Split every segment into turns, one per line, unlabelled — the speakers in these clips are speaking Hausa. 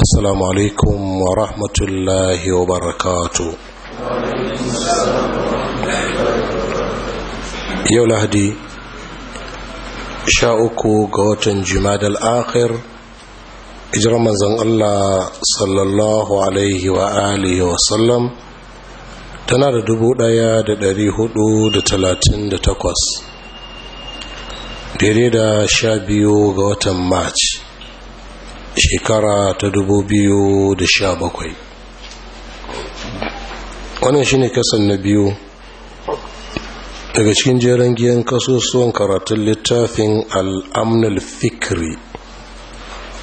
السلام عليكم ورحمة الله وبركاته يا لهدي شاءكو قوت جماد الآخر إجرى من الله صلى الله عليه وآله وسلم tana da dubu ɗaya da dari hudu da talatin da takwas daidai da sha biyu ga watan march shekara ta 2017 wannan shine kasan na biyu daga cikin jeren giyan kasusuwan karatun littafin al'amnul fikri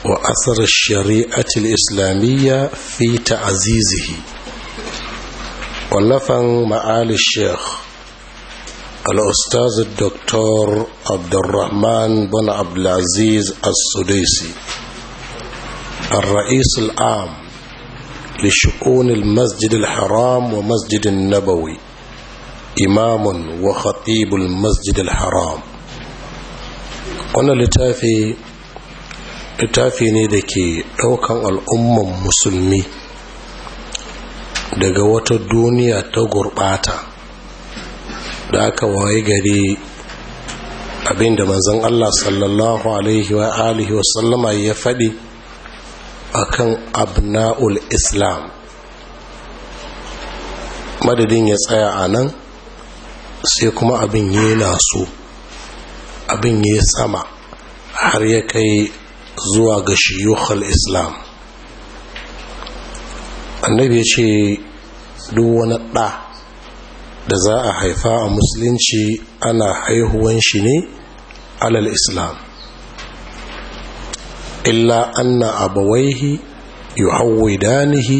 wa asar shari'atul islamiyya fi ta'azizihi wallafan ma'ali sheikh الأستاذ الدكتور عبد الرحمن بن Abdulaziz العزيز السديسي الرئيس العام لشؤون المسجد الحرام ومسجد النبوي إمام وخطيب المسجد الحرام قلنا لتافي لتافي ne لو كان ɗaukan al'umman musulmi daga wata duniya ta gurɓata da aka waye gari abinda manzon Allah sallallahu alaihi wa alihi ya faɗi akan abna'ul islam madadin ya tsaya a nan sai kuma abin ya naso abin ya sama har ya kai zuwa ga shiyuhal islam annabi ya ce duk wani ɗa da za a haifa a musulunci ana haihuwan shi ne alal islam illa anna abawaihi yuhawwidanihi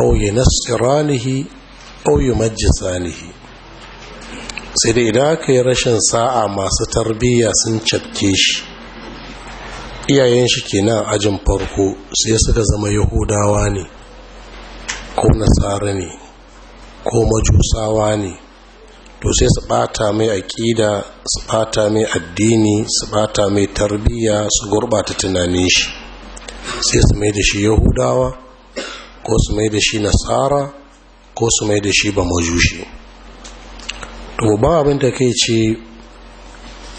aw yunassiranihi aw yumajjisanihi sai dai idan aka yi rashin sa'a masu tarbiyya sun cakke shi iyayen shi kenan ajin farko sai suka zama yahudawa ne ko Nasarani, ko majusawa ne to sai su bata mai aƙida su bata mai addini su bata mai tarbiyya su ta tunanin shi sai su mai da shi yahudawa ko su mai da shi nasara ko su mai da shi ba majushi to ba abin da kai ce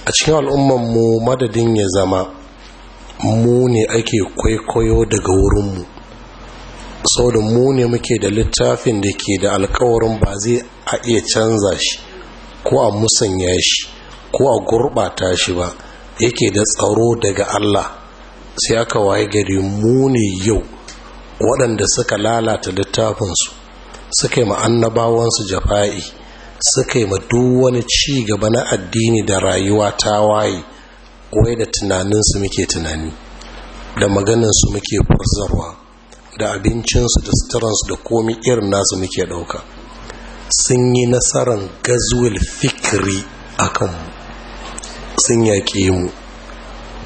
a cikin mu madadin ya zama mu ne ake kwaikwayo daga wurinmu sau da mu ne muke da littafin da ke da alkawarin ba zai a iya canza shi ko a musanya shi ko a gurɓata shi ba yake da tsaro daga Allah sai aka waye gari muni yau waɗanda suka lalata littafinsu suka yi annabawansu jafa'i suka yi duk wani ci gaba na addini da rayuwa ta waye wai da tunaninsu muke tunani da maganinsu muke furzarwa da abincinsu da suturansu da komai irin nasu muke ɗauka sun yi nasarar gazwil fikiri a kanmu sun yaƙe mu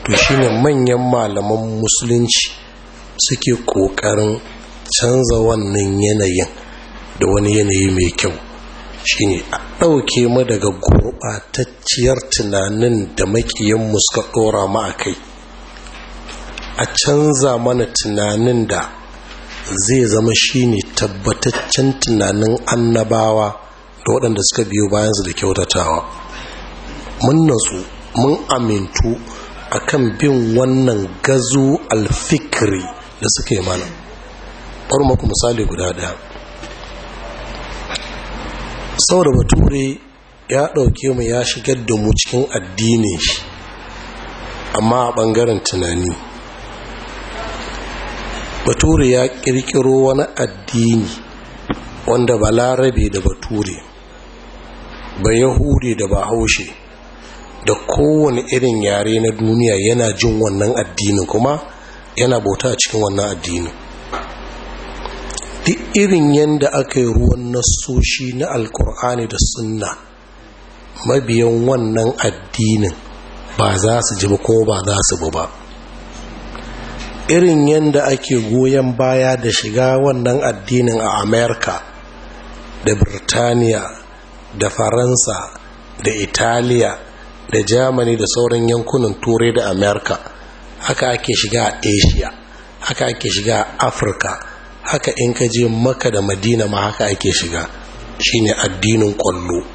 to shi ne manyan malaman musulunci suke ƙoƙarin canza wannan yanayin da wani yanayi mai kyau Shi ne a ɗauke mu daga gurɓatacciyar tunanin da maƙiyanmu suka ɗora mu a kai a canza mana tunanin da zai zama shine tabbataccen tunanin annabawa da waɗanda suka biyo bayansu da kyautatawa mun natsu mun amintu akan bin wannan gazu alfikiri da suka yi mana ɓar maku misali guda ɗaya saboda bature ya ɗauke mu ya shigar da mu cikin addinin shi amma a ɓangaren tunani bature ya kirkiro wani addini wanda ba larabe da bature ba yahudi da ba haushe da kowane irin yare na duniya yana jin wannan addinin kuma yana bauta a cikin wannan addinin duk irin yadda aka yi ruwan nasoshi na alkur'ani da sunna mabiyan wannan addinin ba za su ji ba kuma ba za su bu ba irin yadda ake goyon baya da shiga wannan addinin a amerika da birtaniya da faransa da italiya da germany da sauran yankunan turai da amerika haka ake shiga a asia haka ake shiga a afirka haka in ka je maka da madina ma haka ake shiga shine addinin kwallo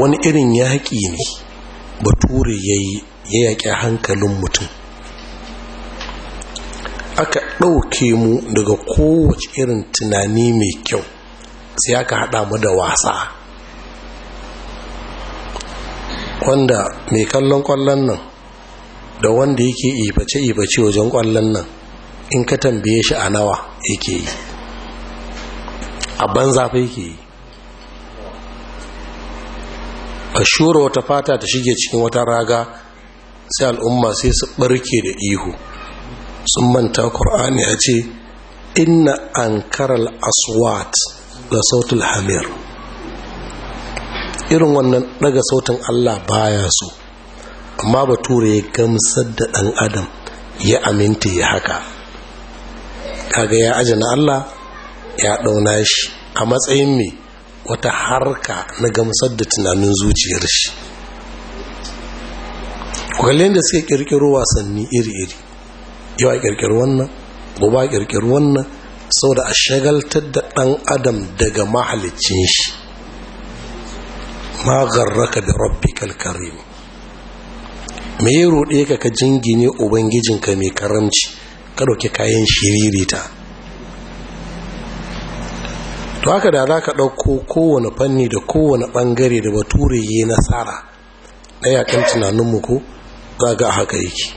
wani irin yaƙi ne bature ya yi ya yaƙi hankalin mutum aka ɗauke mu daga kowace irin tunani mai kyau sai aka haɗa mu da wasa wanda mai kallon ƙwallon nan da wanda yake ibace-ibace wajen ƙwallon nan in ka tambaye shi a nawa yake yi a banza fa yake yi a shura wata fata ta shige cikin wata raga sai al'umma sai su barke da ihu sun manta ƙur'ani ya ce inna an karal aswat da sautul hamir irin wannan daga sautin allah baya so amma bature ya gamsar da ɗan adam ya aminta ya haka kaga ya na allah ya ɗauna shi a matsayin mai wata harka na gamsar da tunanin zuciyar shi Kwallon da suke kirkiro wasanni iri-iri yau a kirkiro wannan gobe a kirkiro wannan saboda a shagaltar da ɗan adam daga mahalicin shi ma garraka da rabbikal me ya roɗe ka ka jingine ubangijinka mai karamci ka ɗauki kayan shiririta to haka da za ka ɗauko kowane fanni da kowane ɓangare da bature yi nasara ɗaya kan tunaninmu ko za ga haka yake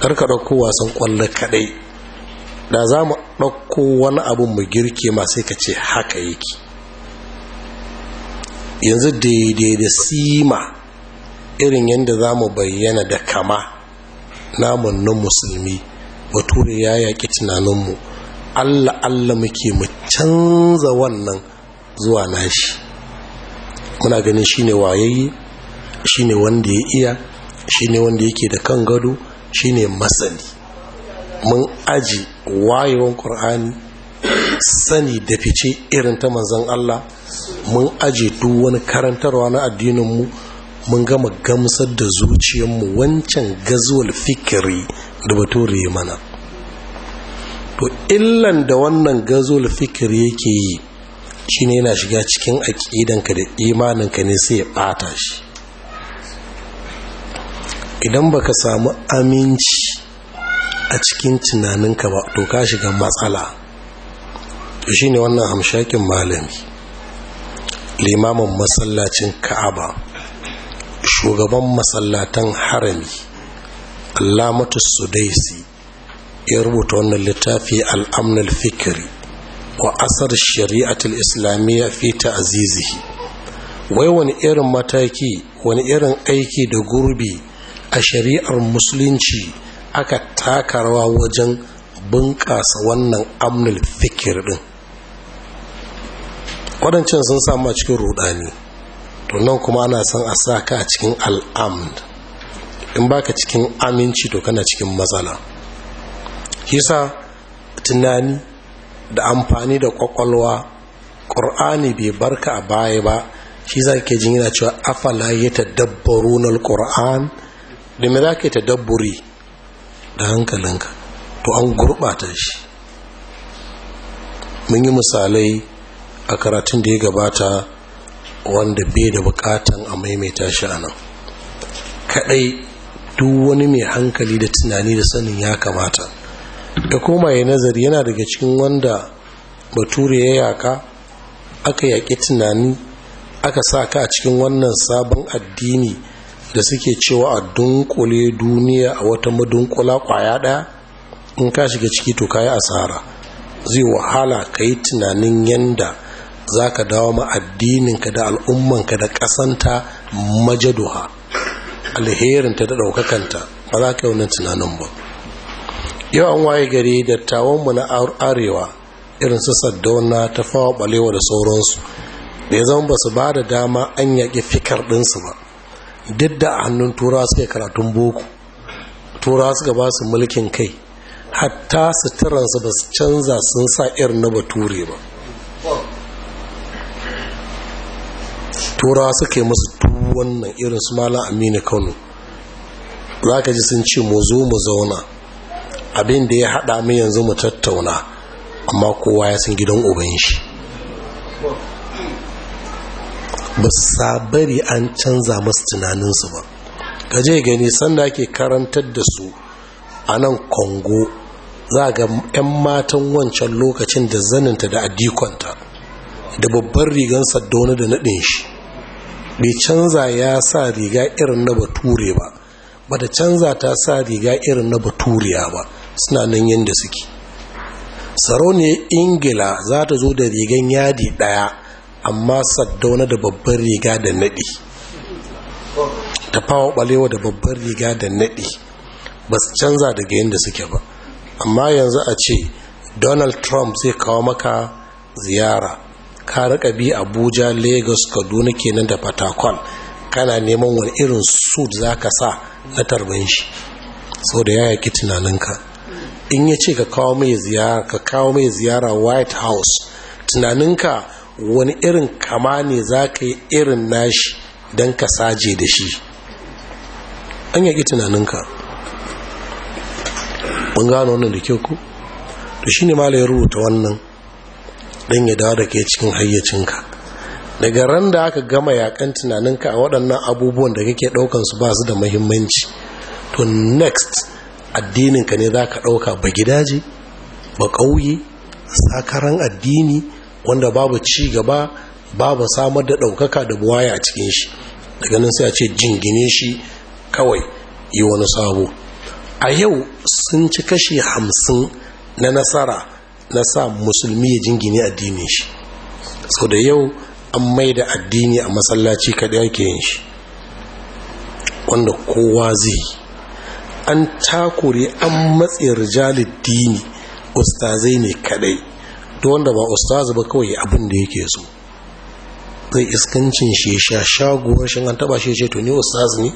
karka ɗauko wasan kwallo kaɗai da za mu ɗauko wani abin mu girke ma sai ka ce haka yake yanzu daidai da sima irin yadda za mu bayyana da kama namun nan musulmi bature ya yaƙi tunaninmu allah allah muke mu canza wannan zuwa nashi muna ganin shine wayayye shine wanda ya iya shine wanda yake da kan gado shine masani mun aji wayewan ƙur'ani sani da fice irin ta manzon Allah mun aji duk wani karantarwa na addininmu, mun gama gamsar da zuciyarmu wancan gazuwal fikiri da bature mana to illan da wannan gazuwal fikiri yake yi shine yana shiga cikin aƙidanka da imaninka ne sai ya ɓata shi idan baka samu aminci a cikin tunaninka ba to ka shiga matsala to shine wannan hamshakin malami limamin masallacin ka'aba shugaban masallatan harami alamatu sudaisi ya rubuta wannan littafi al'amnal fikiri wa asar shari'atul islamiyya fi ta'azizihi wai wani irin mataki wani irin aiki da gurbi a shari'ar musulunci aka takarwa wajen bunƙasa wannan amnul fikir din waɗancan sun samu a cikin rudani to nan kuma ana son a sa ka a cikin al'amd in baka cikin aminci to kana cikin matsala kisa tunani da amfani da kwakwalwa ƙur'ani bai barka a baya ba shi za ke jin yana cewa afala ya tadabbaru na ƙur'ani. da me za ka yi dabburi da hankalinka to an gurɓata shi mun yi misalai a karatun da ya gabata wanda bai da bukatan a maimaita shi a nan kaɗai duk wani mai hankali da tunani da sanin ya kamata da koma ya nazari yana daga cikin wanda bature ya yaka aka yaƙi tunani aka sa ka a cikin wannan sabon addini da suke cewa a dunkule duniya a wata madunkula kwaya ɗaya in ka shiga ciki to kayi asara zai wahala ka yi tunanin yanda za ka dawo ma addininka da al'ummanka da ƙasanta majaduha alherinta da daukakanta ba za ka yi wannan tunanin ba yau an waye gari dattawanmu na arewa irin su saddauna ta fawa ɓalewa da sauransu da ya zama ba su ba da dama an yaƙi fikar ɗinsu ba duk da a hannun tura suka karatun boko tura suka ba su mulkin kai hatta suturansu ba su canza sun sa irin na bature ba Tura suka yi musu wannan irin su mala aminu kano za ka ji sun ce mu zo mu zauna abin da ya haɗa mu yanzu mu tattauna amma kowa ya san gidan ubanshi shi ba sa bari an canza masu tunaninsu ba gaje gani sanda ake karantar da su a nan kongo za ga 'yan matan wancan lokacin da zaninta da adikonta da babbar rigan saddona da naɗin shi bai canza ya sa riga irin na bature ba ba da canza ta sa riga irin na baturiya ba suna nan yadda suke sarauniyar ingila za ta zo da rigan yadi ɗaya amma saddona da babban riga da naɗi tafawa ɓalewa da babban riga da naɗi ba su canza daga yadda suke ba amma yanzu a ce donald trump zai kawo maka ziyara ka rika bi abuja lagos kaduna kenan da fatakwal kana neman wani irin suit za ka sa na tarban shi sau da ya yaki tunaninka in ya ce ka kawo mai ziyara ka kawo mai ziyara white house tunaninka wani irin kama ne za ka yi irin nashi don ka saje da shi an yaki tunaninka mun gano wannan da kyau ku to shi ne ya rubuta wannan don ya dawo da ke cikin hayyacinka daga ran da aka gama yakan tunaninka a waɗannan abubuwan da kake ɗaukan su ba su da mahimmanci to next addininka ne za ka ɗauka ba gidaje ba ƙauye sakaran addini wanda babu ci gaba babu samar da ɗaukaka da buwaya a cikin shi daga nan sai a ce jingine shi kawai yi wani sabo a yau sun ci kashi hamsin na nasara na sa musulmi ya jingine addinin shi sau da yau an mai da addini a masallaci kaɗai ake yin shi wanda kowa zai an takure an matsayar jalid dini ustazai ne kaɗai to wanda ba ustazu ba kawai abin da yake so zai iskancin shi sha shaguwar shi an taba shi ce to ni ustazu ne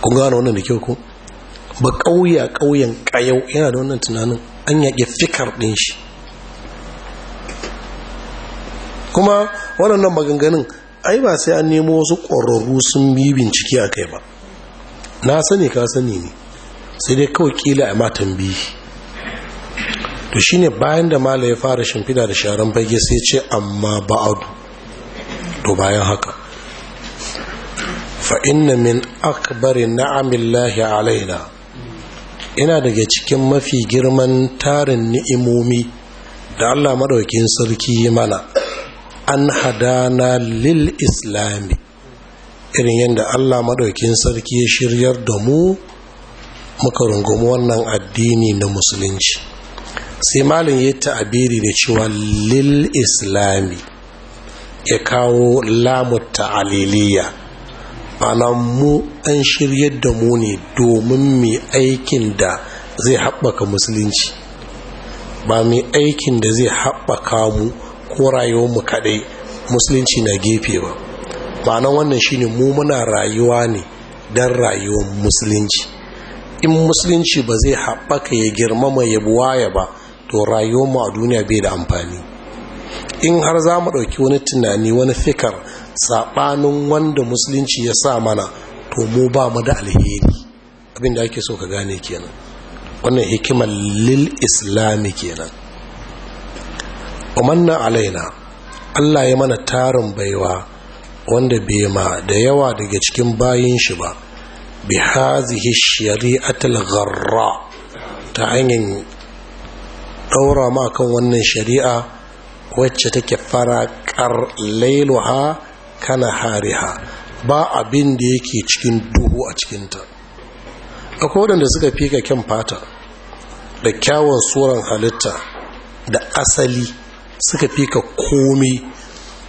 kun gano wannan da kyau ko ba kauya ƙauyen ƙayau yana da wannan tunanin an yaƙi fikar ɗin shi kuma waɗannan maganganun ai ba sai an nemo wasu ƙwararru sun bi bincike a kai ba na sani ka sani ne sai dai kawai ƙila a matan biyu to shine bayan da mala ya fara shimfida da sharan fage sai ce amma ba'adu to bayan haka fa min akbari na'amillahi alaina ina daga cikin mafi girman tarin ni'imomi da Allah maɗaukin sarki mana an hadana lil islami irin yadda Allah maɗaukin sarki ya shiryar da mu muka rungumi wannan addini na musulunci sai malin ya ta'abiri da cewa lil islami ya kawo lamu ta'aliliya mu an shiryar da mu ne domin mai aikin da zai haɓaka musulunci ba mai aikin da zai haɓaka mu ko rayuwar mu kaɗai musulunci na gefe ba ma'anan wannan shine mu muna rayuwa ne don rayuwar musulunci in musulunci ba zai haɓaka ya girmama ya waya ba to rayuwar mu a duniya bai da amfani in har za mu ɗauki wani tunani wani fikar saɓanin wanda musulunci ya sa mana to mu ba mu da alheri abin da ake so ka gane kenan wannan hikimar lil islami kenan umarna alaina allah ya mana tarin baiwa wanda bai ma da yawa daga cikin bayin shi ba bi hazihi shari'atul gharra ta hanyar ɗaura ma kan wannan shari'a wacce take farakar lailuha kana hariha ba abin da yake cikin duhu a cikinta akwai waɗanda suka fi ka kyan fata da kyawun tsoron halitta da asali suka fi ka komi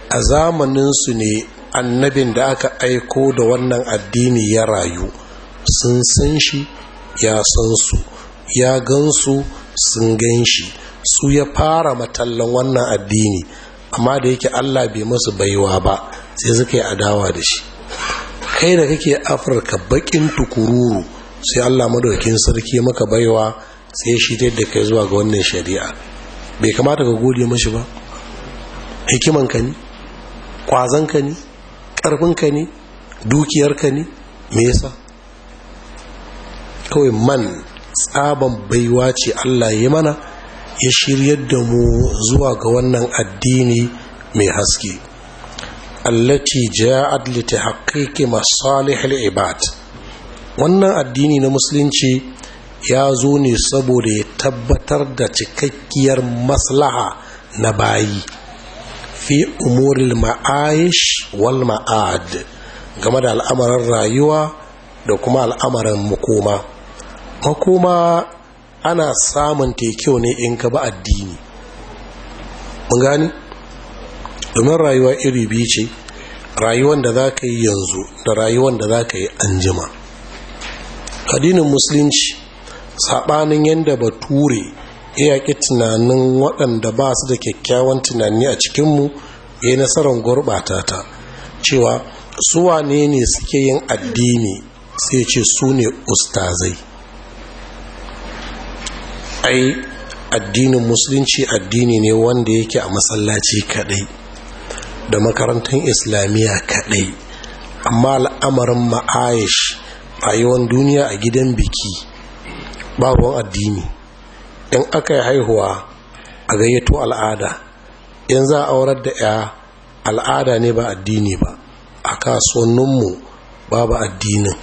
a zamaninsu ne annabin da aka aiko da wannan addini ya rayu sun san shi ya san su ya gansu sun gan shi su ya fara matallan wannan addini amma da yake allah bai masu baiwa ba sai suka yi adawa da shi kai da kake afirka bakin tukururu sai allah madaukin sarki maka baiwa sai shi ta yadda kai zuwa ga wannan shari'a bai kamata ka gode mashi ba hikimanka ne kwazanka ne ƙarfinka ne dukiyarka ne me yasa kawai man tsaban baiwa ce Allah ya mana ya shiryar da mu zuwa ga wannan addini mai haske allati ja'at li tahqiqi masalih al-ibad wannan addini na musulunci ya zo ne saboda ya tabbatar da cikakkiyar maslaha na bayi fi umuril ma'aish wal ma'ad game da al'amarin rayuwa da kuma al'amarin mukoma. makoma ana samun kyau ne in ka ba addini mun gani domin rayuwa iri biyu ce rayuwan da za ka yi yanzu da rayuwan da za ka yi anjima addinin musulunci saɓanin yadda bature ya yaƙi tunanin waɗanda ba su da kyakkyawan tunani a cikinmu ya yi nasarar gurɓata ta cewa suwa ne ne suke yin addini sai ce su ne ustazai ai addinin musulunci addini ne wanda yake a masallaci kadai da makarantar islamiyya kadai amma al'amarin ma'ayish rayuwar duniya a gidan biki ba addini in aka yi haihuwa a gayyato al'ada in za a aurar da ya al'ada ne ba addini ba a kasuwanninmu babu addinin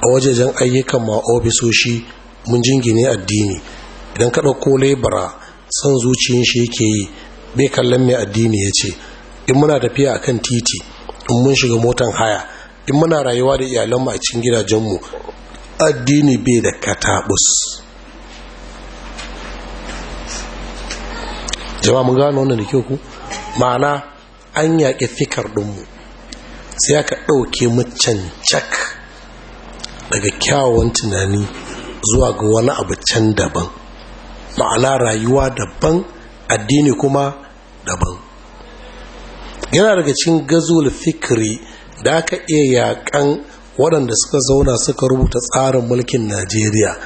a wajejen ayyukan ma ofisoshi mun jingine addini idan ka ɗauko lebara son zuciyin shi yake yi bai kallon mai addini ya ce in muna tafiya a kan titi in mun shiga motan haya in muna rayuwa da iyalanmu a cikin gidajenmu addini bai da katabus jama mun gano wannan da kyau ku ma'ana an yaƙi fikar ɗinmu sai aka ɗauke mu cancak daga kyawawan tunani zuwa ga wani abu can daban ma'ana rayuwa daban addini kuma daban yana daga cikin gazul fikri da aka iya yakan waɗanda suka zauna suka rubuta tsarin mulkin najeriya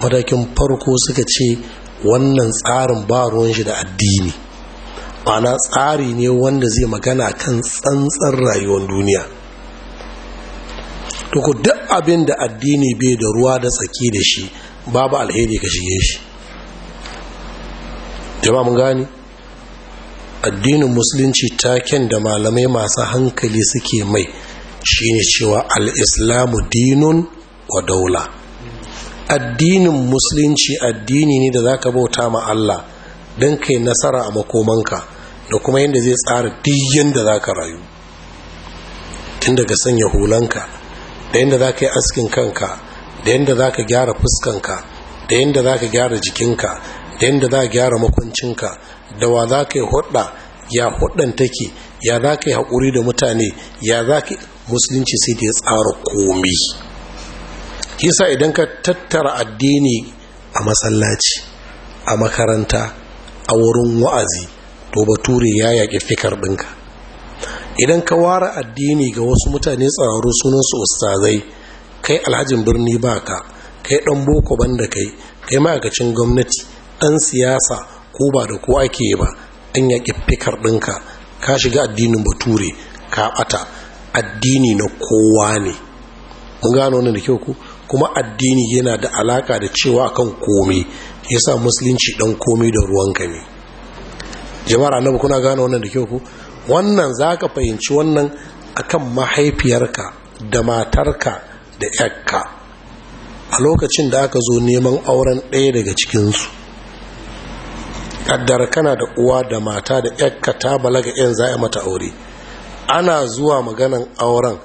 matakin farko suka ce wannan tsarin ba ruwan shi da addini ma'ana tsari ne wanda zai magana kan tsantsan rayuwar duniya tuku duk abin da addini bai da ruwa da tsaki da shi babu alheri ka shige shi jama'a mun gani addinin musulunci taken da malamai masu hankali suke mai shine cewa al al'islamu dinun wa daula addinin musulunci addini ne da zaka bauta ma Allah dan kai nasara a makomanka da kuma yanda zai tsara diyan da zaka rayu tun daga sanya hulanka da yadda zaka ka yi askin kanka da yadda zaka ka gyara fuskanka da yanda zaka ka gyara jikinka da yadda za a gyara makwancinka da wa za ka yi hudda ya huddan take ya za ka yi haƙuri da mutane ya za ka musulunci sai da ya tsara komi kisa idan ka tattara addini a masallaci a makaranta a wurin wa'azi to bature ya yaƙi fikar ɗinka idan ka ware addini ga wasu mutane tsararru sunansu ustazai kai alhajin birni baka kai ɗan boko banda kai kai ma'aikacin gwamnati ɗan siyasa ko ba da ko ake ba an yaƙi fikar ɗinka ka shiga addinin bature ka ɓata addini na kowa ne mun gano wannan da kyau ku kuma addini yana da alaka da cewa kan komai yasa musulunci ɗan komi da ruwan ne jama'ar annabi kuna gano wannan da kyau ku wannan za ka fahimci wannan akan mahaifiyarka da matarka da yakka a lokacin da aka zo neman auren ɗaya daga cikinsu kaddara kana da uwa da mata da yakka ta balaga yan za a mata aure ana zuwa maganan auren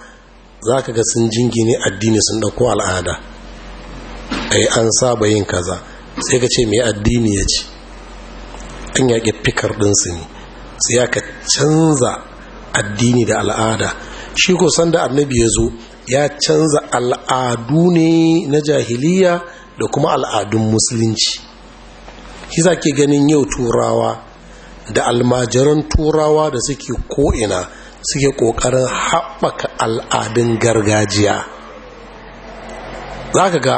za ka ga sun jingine addini sun ɗauko al'ada ai an saba yin kaza sai ka ce mai addini ya ci an yaƙi fikar ɗinsu ne sai ka canza addini da al'ada shi ko sanda annabi ya zo ya canza al'adu ne na jahiliya da kuma al'adun musulunci shi za ke ganin yau turawa da almajiran turawa da suke ko'ina suke ƙoƙarin haɓaka al'adun gargajiya za ka ga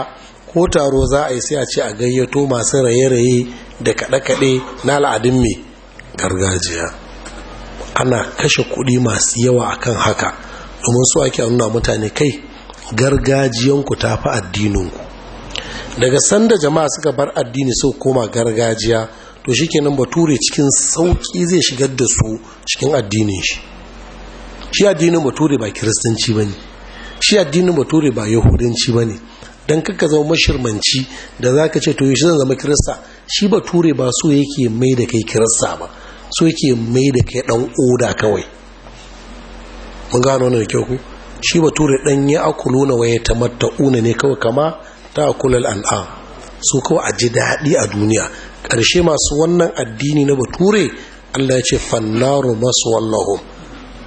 ko taro za a yi sai a ce a gayyato masu raye-raye da kaɗe-kaɗe na al'adun mai gargajiya ana kashe kuɗi masu yawa akan haka domin su ake nuna mutane kai gargajiyanku ta fi addininku daga sanda jama'a suka bar addini sau koma gargajiya to shikenan bature cikin sauki zai shigar da su cikin addinin shi shi addinin bature ba kiristanci bane shi addinin bature ba yahudanci bane dan kaka zama mashirmanci da zaka ce to shi zan zama kirista shi bature ba so yake mai da kai kirista ba so yake mai da kai dan oda kawai mun gano wannan da kyau ku shi bature dan ya akuluna ta mata'una ne kawai kama ta kulal an'am su kawai a ji daɗi a duniya ƙarshe masu wannan addini na bature allah ya ce fannaru masu wallahu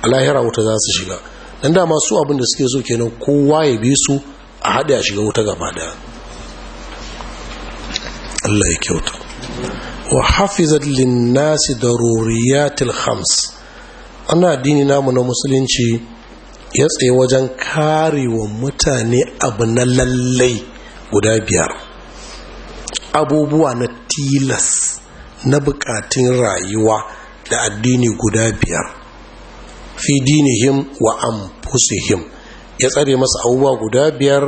alahira wuta za su shiga dan da masu abin da suke so kenan kowa ya bi su a haɗe a shiga wuta gaba daya allah ya kyauta wa hafizar linnasi daruriyatil hams ana addini namu na musulunci ya tsaye wajen karewa mutane abu na lallai guda biyar abubuwa na tilas na bukatun rayuwa da addini guda biyar fi him wa anfusihim ya tsare masa abubuwa guda biyar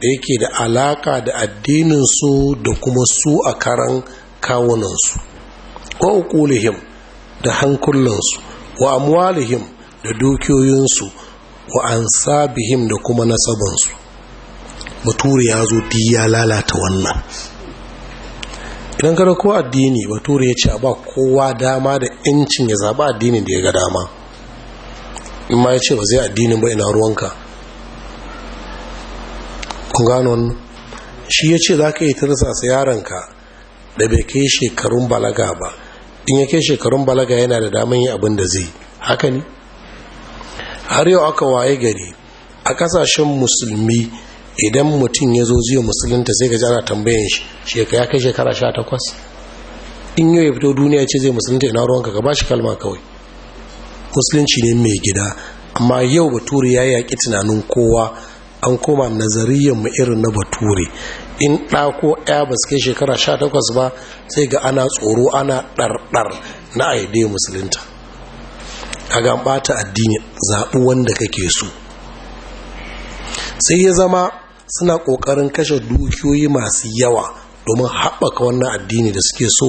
da yake da alaka da addininsu da kuma su a karan kawunansu wa him da hankulansu wa amwalihim da dukiyoyinsu wa ansabihim da kuma nasabansu bature ya zo di ya lalata wannan idan kada ko addini bature ya ce a ba kowa dama da incin ya zaɓi addinin da ya ga dama in ma ya ce ba zai addinin ba ina ruwanka kun gano wannan shi ya ce za ka yi tirsasa yaranka da bai kai shekarun balaga ba in ya kai shekarun balaga yana da daman yi abin da zai haka ne har yau aka waye gari a kasashen musulmi idan mutum ya zo ziyo musulunta sai ga jana tambayin shekara ya kai shekara sha takwas in yau ya fito duniya ce zai musulunta ina ruwanka ka ba shi kalma kawai musulunci ne mai gida amma yau bature ya yaƙi tunanin kowa an koma nazariyar mu irin na bature in ɗako ko ɗaya ba su kai shekara sha takwas ba sai ga ana tsoro ana ɗarɗar na aide musulunta gan ɓata addini zaɓi wanda kake so sai ya zama suna ƙoƙarin kashe dukiyoyi masu yawa domin haɓaka wannan addini da suke so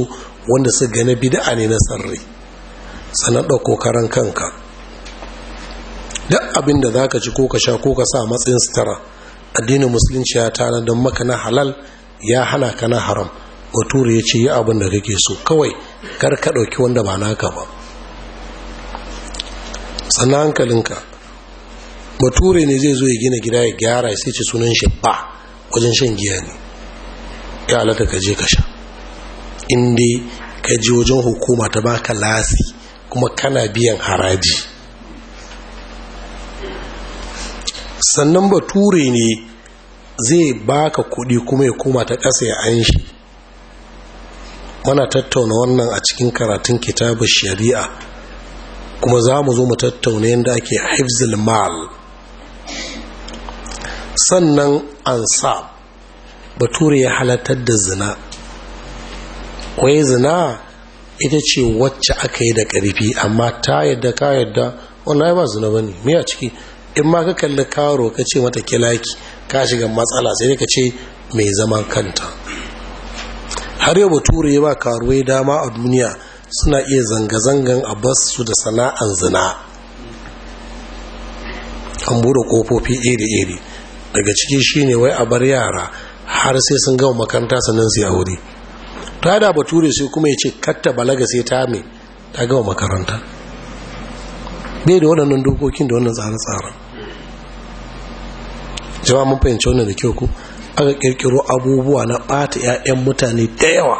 wanda su gane bid'a ne na sarri sanar da kokarin kanka duk abin da za ka ci ko ka sha ko ka sa matsayin sutara addinin musulunci ya tana don maka na halal ya hana ka na haram bature ya ce yi abin da kake so kawai kar ka ɗauki wanda ba naka ba sannan hankalinka bature ne zai zo ya gina gida ya gyara sai ce sunan shi ba wajen shan giya ne ya alaka ka je ka sha inda ka je wajen hukuma ta baka lasi kuma kana biyan haraji sannan bature ne zai baka kuɗi kuma ya koma ta ƙasa ya an shi mana tattauna wannan a cikin karatun kitabun shari'a kuma za mu zo mu tattauna yadda ake hifzil mal sannan ansa bature ya halatar da zina wai zina ita ce wacce aka yi da ƙarfi amma ta yadda ka yadda wallahi ba zina bane me a ciki in ma ka kalli karo ka ce mata kilaki ka shiga matsala sai ka ce mai zaman kanta har yau bature ya ba karuwai dama a duniya suna iya zanga-zangan a su da sana'an zina an bude kofofi iri-iri daga ciki shine wai a bar yara har sai sun gama makaranta sannan su aure ta da bature sai kuma ya ce katta balaga sai ta me ta gama makaranta bai da waɗannan dokokin da wannan tsare-tsaren jama'a mun fahimci wannan da kyau ku aka kirkiro abubuwa na ɓata 'ya'yan mutane da yawa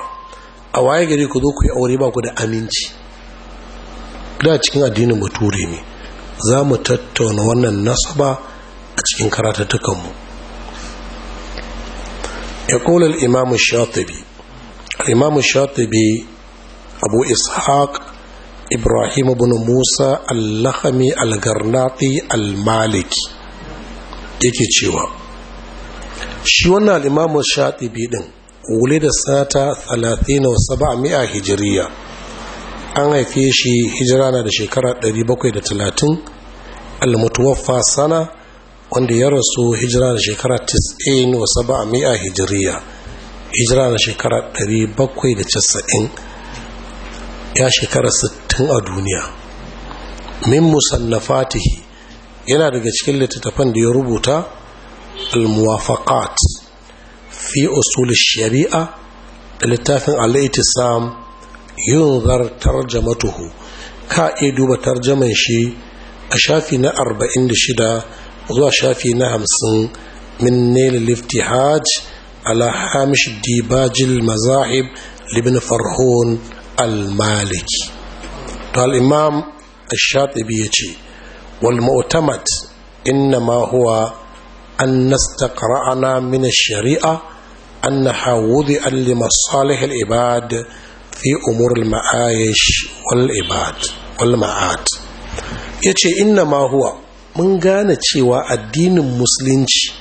a waye gari ku zo ku yi aure ba ku da aminci da cikin addinin bature ne za mu tattauna wannan nasaba a cikin karatattukanmu ya ƙolar imamu shatibi imamu shatibi abu ishaq ibrahim ibn musa Al-Lahannai Al-Garnafi al-garnati al-maliki yake cewa shi wannan al-imamu shatibi din wule da sata 37 hijiriya an haife shi hijira na da shekara 730 almutuwaffa sana wanda ya rasu hijira da shekara 90 wa hijiriya hijira da shekara 790 ya shekara 60 a duniya min musannafatihi yana daga cikin littattafan da ya rubuta al-muwafaqat fi usul shari'a da littafin al-itisam yunzar tarjamatuhu ka iya duba tarjaman shi a shafi na 46 zuwa shafi na hamsin min nail liftihaj ala hamish dibajil mazahib libin farhon al-maliki to imam ash ya yace wal mu'tamad innama huwa an nastaqra'ana min ash-shari'a annaha wudi'an li masalih al-ibad fi umur al-ma'ayish wal ibad wal ma'ad yace innama huwa mun gane cewa addinin musulunci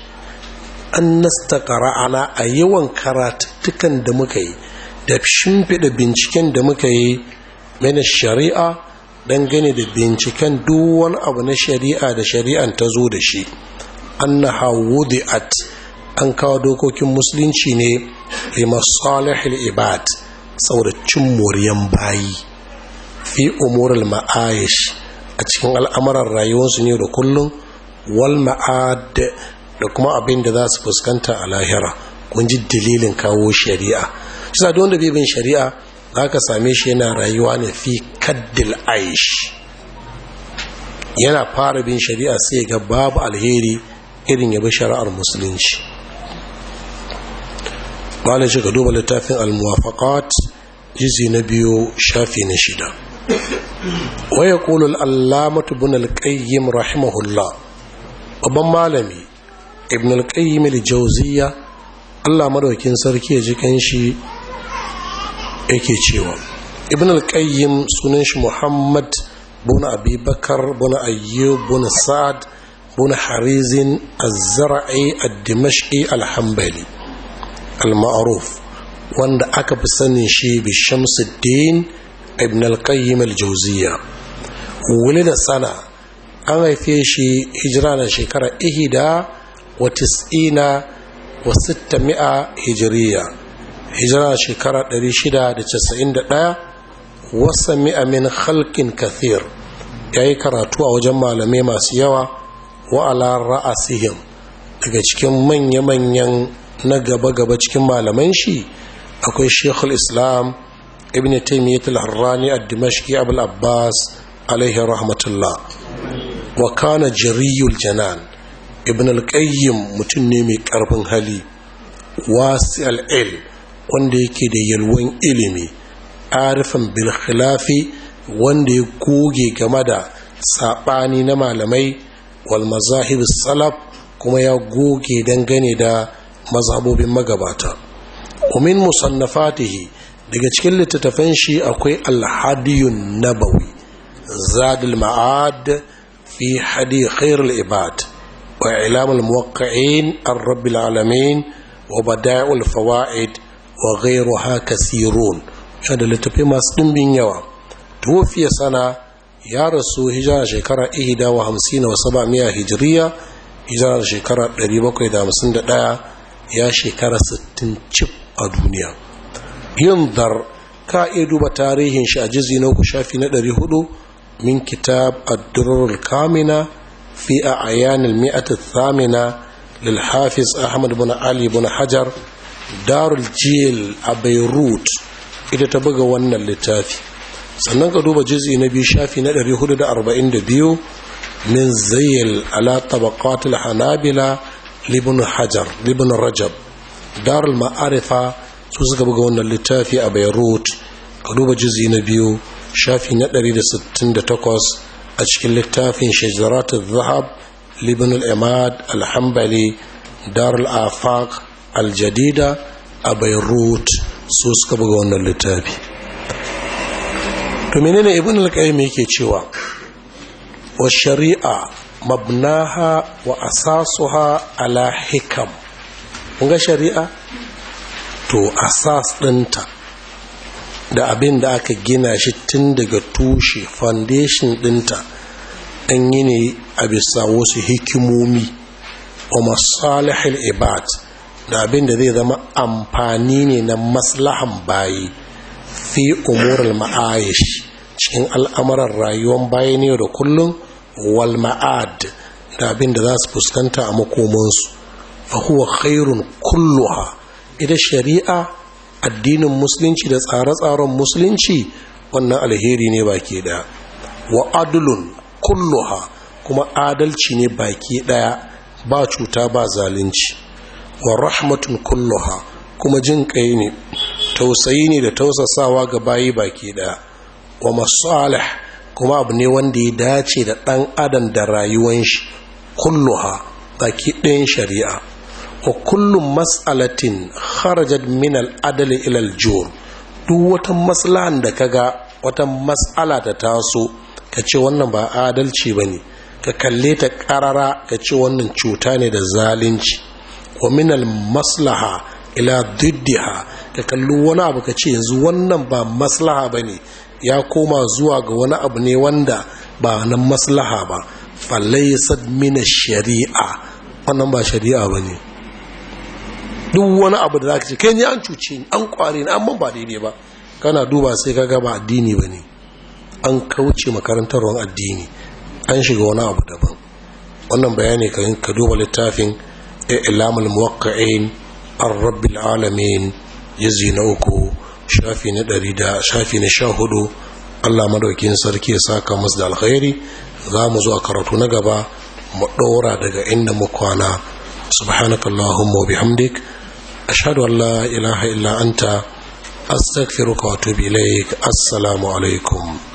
an nastaƙara ala a yawan karatuttukan da muka yi da shimfiɗa binciken da muka yi mana shari'a don gane da binciken duk abu na shari'a da shari'an ta zo da shi annaha wudi'at an kawo dokokin musulunci ne li masalihil ibad saboda cin moriyan bayi fi umurul ma'ayish a cikin al'amuran rayuwarsu ne da kullum wal ma'ad da kuma abin da za su fuskanta a lahira kun ji dalilin kawo shari'a shi sa wanda bai bin shari'a za ka same shi yana rayuwa ne fi kaddil aish yana fara bin shari'a sai ga babu alheri irin ya bi shari'ar musulunci bala shi ka duba littafin al izi na biyu shafi na shida wa yaqulu al-allamatu bin alƙayyim rahimahullah babban malami ibn alƙayyim qayyim Allah madaukin sarki ya ji kanshi yake cewa ibn alƙayyim sunan shi Muhammad bin abubakar bin Ayyub ibn sa'ad ibn Harizin az-Zar'i ad-Dimashqi al-Hanbali al-ma'ruf wanda aka fi sanin shi bi Shamsuddin ibn al-qayyim al-jawziya da sana an haife shi hijira na shekara ihida wa tis'ina wa sitta mi'a hijiriya hijira na shekara 691 wasa mi'a min halkin kathir ya yi karatu a wajen malamai masu yawa wa ala ra'asihim daga cikin manya-manyan na gaba-gaba cikin malaman shi akwai shekul islam ibn taymiyyah al-harrani a dimashqi abul abbas alaihi rahmatullah wa kana jariyul janan ibn al-qayyim mutum ne mai ƙarfin hali wasi al-il wanda yake da yalwan ilimi arifan bil wanda ya goge game da saɓani na malamai wal mazahib salaf kuma ya goge dangane da mazhabobin magabata umin musannafatihi daga cikin littattafan shi akwai alhadiyun nabawi zadul ma'ad fi hadi khairul ibad wa ilamul muwaqqi'in ar-rabbil alamin wa bada'ul fawaid wa ghayruha kasirun da littafi masu dimbin yawa tufiya sana ya rasu hijira shekara 150 wa 700 hijriya hijira shekara 751 ya shekara 60 cif a duniya hindar ka iya duba tarihin shi a jizi ku uku shafi na ɗari hudu min kitab ad-durrul kamina fi a ayanil mi'at thamina lil hafiz ahmad bin ali bin hajar darul jil a beirut ita ta buga wannan littafi sannan ka duba jizi na biyu shafi na 442 min zayil ala tabaqatul hanabila libin hajar libin rajab darul ma'arifa su suka buga wannan littafi a beirut a duba jizi na biyu shafi na 168 a cikin littafin shajaratun zahab libin al'amad alhambali dar Al-Jadida a beirut su suka buga wannan littafi to ne ibn al-qayyim yake cewa wa shari'a mabnaha wa asasuha ala hikam kun ga shari'a to asas ɗinta da abin da aka gina shi tun daga tushe foundation ɗinta an yi ne a bisa wasu hikimomi wa masalihin ibad da abin da zai zama amfani ne na maslahan bayi fi umurul ma'ayish cikin al'amuran rayuwar bayi ne da kullum wal ma'ad da abin da za su fuskanta a makomansu fa huwa khairun kulluha ita shari'a addinin musulunci da tsare-tsaren musulunci wannan alheri ne baki daya wa adulun kulluha kuma adalci ne baki daya ba cuta ba zalunci wa rahmatun kulluha kuma jin kai ne tausayi ne da tausasawa ga bayi baki daya wa masalih kuma abu ne wanda ya dace da dan adam da rayuwan shi kulluha baki ɗayan shari'a wa kullum mas'alatin kharajat min al-adl ila jur duk wata maslahan da ka ga wata mas'ala ta taso ka ce wannan ba adalci bane ka kalle ta karara ka ce wannan cuta ne da zalunci wa min al-maslaha ila diddiha ka kalli wani abu ka ce yanzu wannan ba maslaha bane ya koma zuwa ga wani abu ne wanda ba na maslaha ba falaisad mina shari'a wannan ba shari'a ba ne duk wani abu da za ka ce kai ne an cuce ni an kware ni amma ba daidai ba kana duba sai ka gaba addini ba ne an kauce makarantar makarantarwar addini an shiga wani abu daban wannan bayani kan ka duba littafin eh, ilamul muwakka'in ar-rabbil alamin yazi na uku shafi na ɗari da shafi na sha hudu allah madaukin sarki ya saka masu da alkhairi za mu zo a karatu na gaba mu ɗora daga inda mu kwana subhanakallahumma wa bihamdik ashhadu an la ilaha illa anta astaghfiruka wa assalamu alaikum